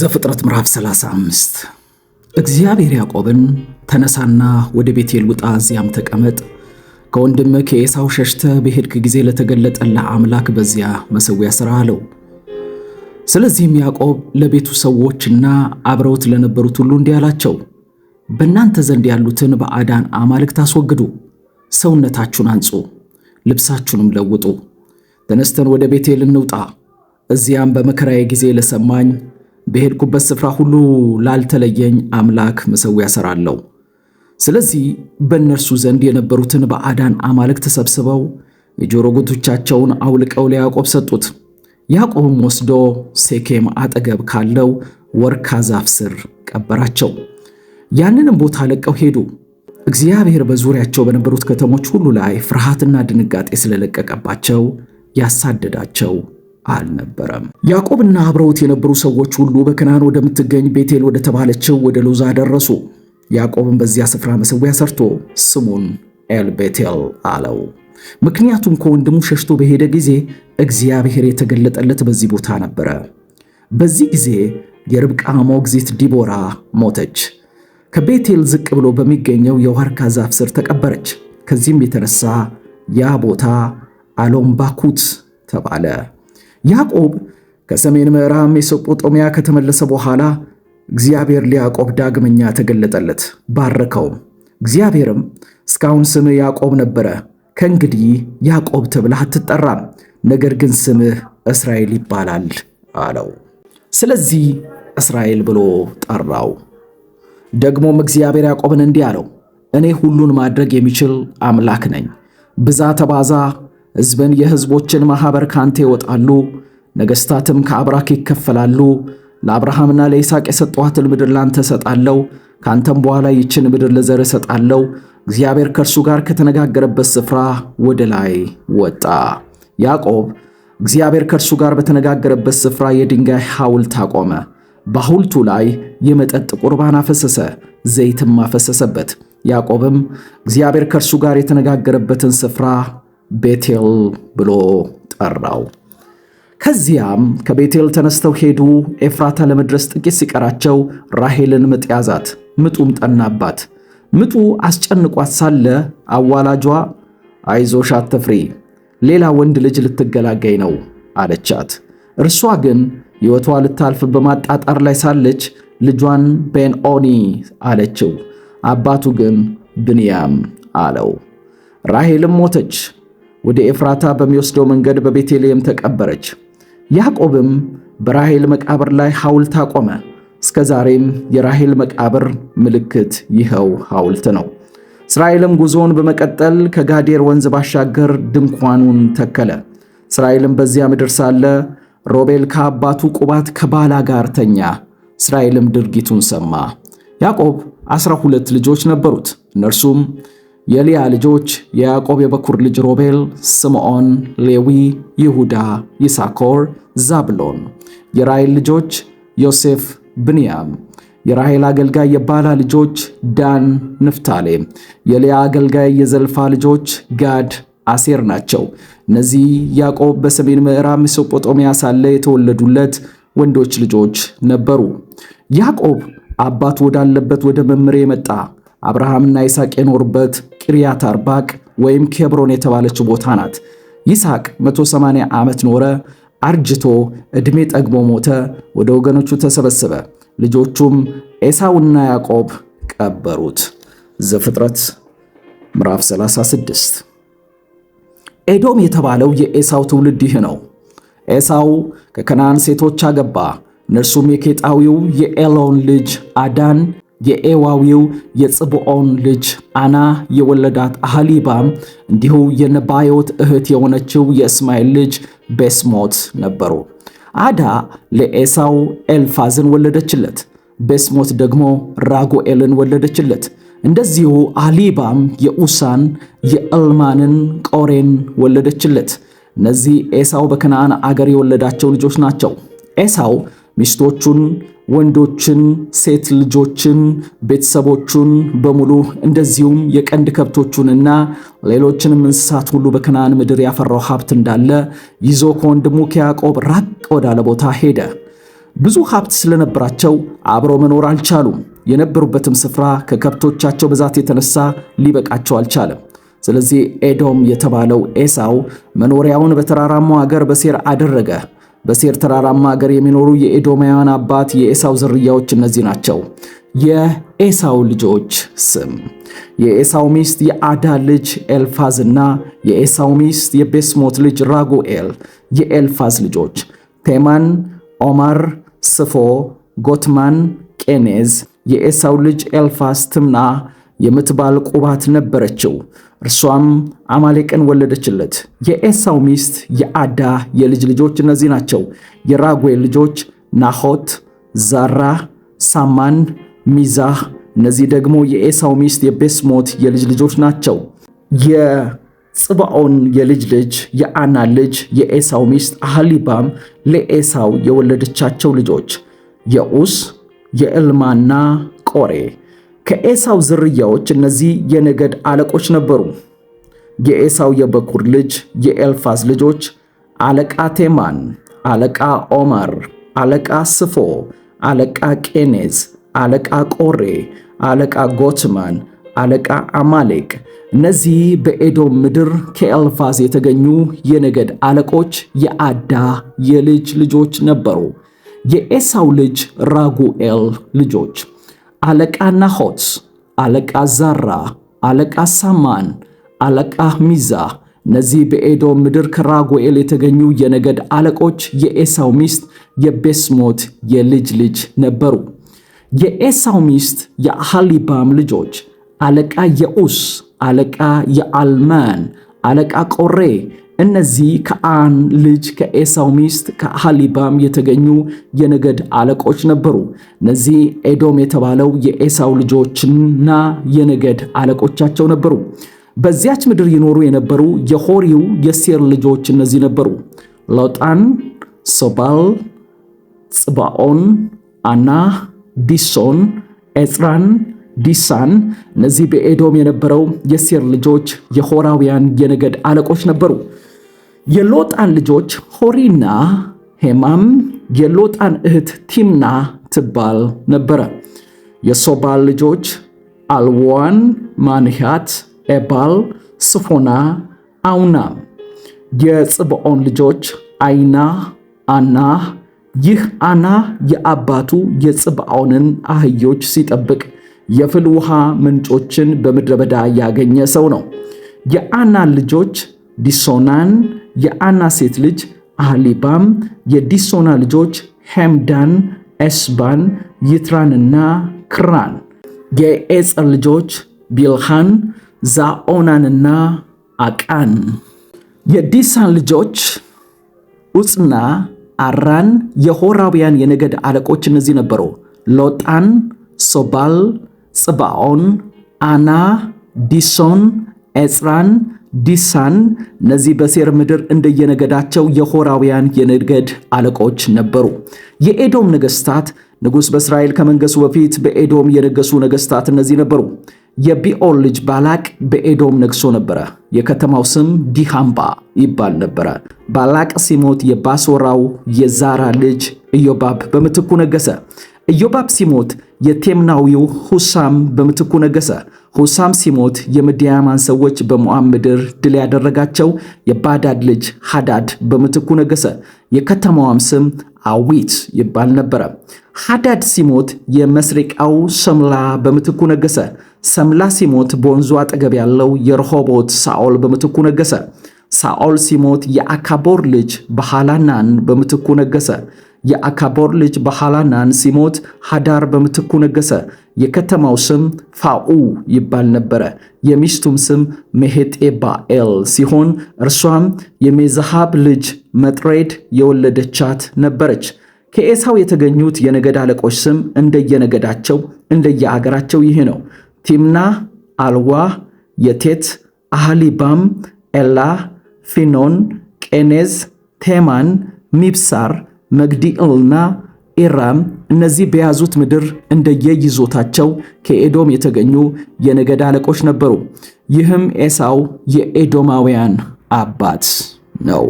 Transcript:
ዘፍጥረት ምዕራፍ 35 እግዚአብሔር ያዕቆብን ተነሳና ወደ ቤቴል ውጣ፣ እዚያም ተቀመጥ። ከወንድም ከኤሳው ሸሽተ በሄድክ ጊዜ ለተገለጠልህ አምላክ በዚያ መሠዊያ ሥራ አለው። ስለዚህም ያዕቆብ ለቤቱ ሰዎችና አብረውት ለነበሩት ሁሉ እንዲህ አላቸው፣ በእናንተ ዘንድ ያሉትን ባዕዳን አማልክት አስወግዱ፣ ሰውነታችሁን አንጹ፣ ልብሳችሁንም ለውጡ። ተነስተን ወደ ቤቴል እንውጣ፣ እዚያም በመከራዬ ጊዜ ለሰማኝ በሄድኩበት ስፍራ ሁሉ ላልተለየኝ አምላክ መሠዊያ እሠራለሁ። ስለዚህ በእነርሱ ዘንድ የነበሩትን ባዕዳን አማልክት ተሰብስበው የጆሮ ጉቶቻቸውን አውልቀው ለያዕቆብ ሰጡት። ያዕቆብም ወስዶ ሴኬም አጠገብ ካለው ወርካ ዛፍ ስር ቀበራቸው። ያንንም ቦታ ለቀው ሄዱ። እግዚአብሔር በዙሪያቸው በነበሩት ከተሞች ሁሉ ላይ ፍርሃትና ድንጋጤ ስለለቀቀባቸው ያሳደዳቸው አልነበረም። ያዕቆብና አብረውት የነበሩ ሰዎች ሁሉ በከናን ወደምትገኝ ቤቴል ወደተባለችው ወደ ሎዛ ደረሱ። ያዕቆብም በዚያ ስፍራ መሠዊያ ሰርቶ ስሙን ኤል ቤቴል አለው። ምክንያቱም ከወንድሙ ሸሽቶ በሄደ ጊዜ እግዚአብሔር የተገለጠለት በዚህ ቦታ ነበረ። በዚህ ጊዜ የርብቃ ሞግዚት ዲቦራ ሞተች። ከቤቴል ዝቅ ብሎ በሚገኘው የዋርካ ዛፍ ስር ተቀበረች። ከዚህም የተነሳ ያ ቦታ አሎምባኩት ተባለ። ያዕቆብ ከሰሜን ምዕራብ ሜሶጶጦሚያ ከተመለሰ በኋላ እግዚአብሔር ለያዕቆብ ዳግመኛ ተገለጠለት፣ ባረከውም። እግዚአብሔርም እስካሁን ስምህ ያዕቆብ ነበረ፣ ከእንግዲህ ያዕቆብ ተብለህ አትጠራም፣ ነገር ግን ስምህ እስራኤል ይባላል አለው። ስለዚህ እስራኤል ብሎ ጠራው። ደግሞም እግዚአብሔር ያዕቆብን እንዲህ አለው፣ እኔ ሁሉን ማድረግ የሚችል አምላክ ነኝ። ብዛ ተባዛ ሕዝብን የሕዝቦችን ማኅበር ካንተ ይወጣሉ፣ ነገሥታትም ከአብራክ ይከፈላሉ። ለአብርሃምና ለይስሐቅ የሰጠኋትን ምድር ላንተ እሰጣለሁ፣ ካንተም በኋላ ይችን ምድር ለዘር እሰጣለሁ። እግዚአብሔር ከእርሱ ጋር ከተነጋገረበት ስፍራ ወደ ላይ ወጣ። ያዕቆብ እግዚአብሔር ከእርሱ ጋር በተነጋገረበት ስፍራ የድንጋይ ሐውልት አቆመ። በሐውልቱ ላይ የመጠጥ ቁርባን አፈሰሰ፣ ዘይትም አፈሰሰበት። ያዕቆብም እግዚአብሔር ከእርሱ ጋር የተነጋገረበትን ስፍራ ቤቴል ብሎ ጠራው። ከዚያም ከቤቴል ተነስተው ሄዱ። ኤፍራታ ለመድረስ ጥቂት ሲቀራቸው ራሄልን ምጥ ያዛት። ምጡም ጠናባት። ምጡ አስጨንቋት ሳለ አዋላጇ አይዞሽ አትፍሪ፣ ሌላ ወንድ ልጅ ልትገላገይ ነው አለቻት። እርሷ ግን ሕይወቷ ልታልፍ በማጣጣር ላይ ሳለች ልጇን ቤንኦኒ አለችው። አባቱ ግን ብንያም አለው። ራሄልም ሞተች። ወደ ኤፍራታ በሚወስደው መንገድ በቤተልሔም ተቀበረች። ያዕቆብም በራሔል መቃብር ላይ ሐውልት አቆመ። እስከ ዛሬም የራሔል መቃብር ምልክት ይኸው ሐውልት ነው። እስራኤልም ጉዞውን በመቀጠል ከጋዴር ወንዝ ባሻገር ድንኳኑን ተከለ። እስራኤልም በዚያ ምድር ሳለ ሮቤል ከአባቱ ቁባት ከባላ ጋር ተኛ። እስራኤልም ድርጊቱን ሰማ። ያዕቆብ ዐሥራ ሁለት ልጆች ነበሩት። እነርሱም የሊያ ልጆች የያዕቆብ የበኩር ልጅ ሮቤል፣ ስምዖን፣ ሌዊ፣ ይሁዳ፣ ይሳኮር፣ ዛብሎን። የራሔል ልጆች ዮሴፍ፣ ብንያም። የራሔል አገልጋይ የባላ ልጆች ዳን፣ ንፍታሌ የሊያ አገልጋይ የዘልፋ ልጆች ጋድ፣ አሴር ናቸው። እነዚህ ያዕቆብ በሰሜን ምዕራብ ሜሶጶጣሚያ ሳለ የተወለዱለት ወንዶች ልጆች ነበሩ። ያዕቆብ አባት ወዳለበት ወደ መምሬ የመጣ አብርሃምና ይስሐቅ የኖሩበት ቂርያት አርባቅ ወይም ኬብሮን የተባለችው ቦታ ናት። ይስሐቅ 180 ዓመት ኖረ፣ አርጅቶ ዕድሜ ጠግቦ ሞተ። ወደ ወገኖቹ ተሰበሰበ። ልጆቹም ኤሳውና ያዕቆብ ቀበሩት። ዘፍጥረት ምዕራፍ 36 ኤዶም የተባለው የኤሳው ትውልድ ይህ ነው። ኤሳው ከከናን ሴቶች አገባ። እነርሱም የኬጣዊው የኤሎን ልጅ አዳን፣ የኤዋዊው የጽብዖን ልጅ አና የወለዳት አህሊባም እንዲሁ የነባዮት እህት የሆነችው የእስማኤል ልጅ ቤስሞት ነበሩ። አዳ ለኤሳው ኤልፋዝን ወለደችለት። ቤስሞት ደግሞ ራጉኤልን ወለደችለት። እንደዚሁ አሊባም የኡሳን፣ የእልማንን፣ ቆሬን ወለደችለት። እነዚህ ኤሳው በከነአን አገር የወለዳቸው ልጆች ናቸው። ኤሳው ሚስቶቹን፣ ወንዶችን፣ ሴት ልጆችን፣ ቤተሰቦቹን በሙሉ እንደዚሁም የቀንድ ከብቶቹንና ሌሎችንም እንስሳት ሁሉ በከናን ምድር ያፈራው ሀብት እንዳለ ይዞ ከወንድሙ ከያዕቆብ ራቅ ወዳለ ቦታ ሄደ። ብዙ ሀብት ስለነበራቸው አብረው መኖር አልቻሉም። የነበሩበትም ስፍራ ከከብቶቻቸው ብዛት የተነሳ ሊበቃቸው አልቻለም። ስለዚህ ኤዶም የተባለው ኤሳው መኖሪያውን በተራራማው አገር በሴር አደረገ። በሴር ተራራማ ሀገር የሚኖሩ የኤዶማውያን አባት የኤሳው ዝርያዎች እነዚህ ናቸው። የኤሳው ልጆች ስም የኤሳው ሚስት የአዳ ልጅ ኤልፋዝ እና የኤሳው ሚስት የቤስሞት ልጅ ራጉኤል። የኤልፋዝ ልጆች ቴማን፣ ኦማር፣ ስፎ፣ ጎትማን፣ ቄኔዝ። የኤሳው ልጅ ኤልፋዝ ትምና የምትባል ቁባት ነበረችው። እርሷም አማሌቅን ወለደችለት። የኤሳው ሚስት የአዳ የልጅ ልጆች እነዚህ ናቸው። የራጉኤል ልጆች ናሆት፣ ዛራ፣ ሳማን፣ ሚዛ። እነዚህ ደግሞ የኤሳው ሚስት የቤስሞት የልጅ ልጆች ናቸው። የጽባኦን የልጅ ልጅ የአና ልጅ የኤሳው ሚስት አህሊባም ለኤሳው የወለደቻቸው ልጆች የዑስ፣ የእልማና ቆሬ ከኤሳው ዝርያዎች እነዚህ የነገድ አለቆች ነበሩ። የኤሳው የበኩር ልጅ የኤልፋዝ ልጆች አለቃ ቴማን፣ አለቃ ኦማር፣ አለቃ ስፎ፣ አለቃ ቄኔዝ፣ አለቃ ቆሬ፣ አለቃ ጎትማን፣ አለቃ አማሌቅ። እነዚህ በኤዶም ምድር ከኤልፋዝ የተገኙ የነገድ አለቆች የአዳ የልጅ ልጆች ነበሩ። የኤሳው ልጅ ራጉኤል ልጆች አለቃ ናሆት፣ አለቃ ዛራ፣ አለቃ ሳማን፣ አለቃ ሚዛ እነዚህ በኤዶም ምድር ከራጉኤል የተገኙ የነገድ አለቆች የኤሳው ሚስት የቤስሞት የልጅ ልጅ ነበሩ። የኤሳው ሚስት የአሃሊባም ልጆች አለቃ የኡስ፣ አለቃ የአልማን፣ አለቃ ቆሬ እነዚህ ከአን ልጅ ከኤሳው ሚስት ከሃሊባም የተገኙ የነገድ አለቆች ነበሩ። እነዚህ ኤዶም የተባለው የኤሳው ልጆችና የነገድ አለቆቻቸው ነበሩ። በዚያች ምድር ይኖሩ የነበሩ የሆሪው የሴር ልጆች እነዚህ ነበሩ፣ ሎጣን፣ ሶባል፣ ጽባኦን፣ አና፣ ዲሶን፣ ኤጽራን ዲሳን እነዚህ በኤዶም የነበረው የሴር ልጆች የሆራውያን የነገድ አለቆች ነበሩ። የሎጣን ልጆች ሆሪና ሄማም የሎጣን እህት ቲምና ትባል ነበረ። የሶባል ልጆች አልዋን፣ ማንሃት፣ ኤባል፣ ስፎና፣ አውና። የጽብዖን ልጆች አይና፣ አና። ይህ አና የአባቱ የጽብዖንን አህዮች ሲጠብቅ የፍል ውሃ ምንጮችን በምድረ በዳ ያገኘ ሰው ነው። የአና ልጆች ዲሶናን፣ የአና ሴት ልጅ አህሊባም፣ የዲሶና ልጆች ሄምዳን፣ ኤስባን፣ ይትራንና ክራን፣ የኤጸር ልጆች ቢልሃን፣ ዛኦናንና አቃን፣ የዲሳን ልጆች ኡጽና አራን። የሆራውያን የነገድ አለቆች እነዚህ ነበሩ። ሎጣን፣ ሶባል፣ ጽባኦን፣ አና፣ ዲሶን፣ ኤጽራን ዲሳን። እነዚህ በሴር ምድር እንደየነገዳቸው የሆራውያን የነገድ አለቆች ነበሩ። የኤዶም ነገስታት ንጉሥ በእስራኤል ከመንገሱ በፊት በኤዶም የነገሱ ነገስታት እነዚህ ነበሩ። የቢኦል ልጅ ባላቅ በኤዶም ነግሶ ነበረ። የከተማው ስም ዲሃምባ ይባል ነበረ። ባላቅ ሲሞት የባሶራው የዛራ ልጅ ኢዮባብ በምትኩ ነገሰ። ኢዮባብ ሲሞት የቴምናዊው ሁሳም በምትኩ ነገሰ። ሁሳም ሲሞት የምድያማን ሰዎች በሞዓብ ምድር ድል ያደረጋቸው የባዳድ ልጅ ሃዳድ በምትኩ ነገሰ። የከተማዋም ስም አዊት ይባል ነበረ። ሃዳድ ሲሞት የመስሪቃው ሰምላ በምትኩ ነገሰ። ሰምላ ሲሞት በወንዙ አጠገብ ያለው የረሆቦት ሳኦል በምትኩ ነገሰ። ሳኦል ሲሞት የአካቦር ልጅ በሃላናን በምትኩ ነገሰ። የአካቦር ልጅ በሃላናን ሲሞት ሃዳር በምትኩ ነገሰ። የከተማው ስም ፋኡ ይባል ነበረ። የሚስቱም ስም መሄጤባኤል ሲሆን እርሷም የሜዛሃብ ልጅ መጥሬድ የወለደቻት ነበረች። ከኤሳው የተገኙት የነገድ አለቆች ስም እንደየነገዳቸው እንደየአገራቸው ይሄ ነው። ቲምና፣ አልዋ፣ የቴት፣ አህሊባም፣ ኤላ፣ ፊኖን፣ ቄኔዝ፣ ቴማን፣ ሚብሳር መግዲኤልና ኢራም እነዚህ በያዙት ምድር እንደየይዞታቸው ከኤዶም የተገኙ የነገድ አለቆች ነበሩ። ይህም ኤሳው የኤዶማውያን አባት ነው።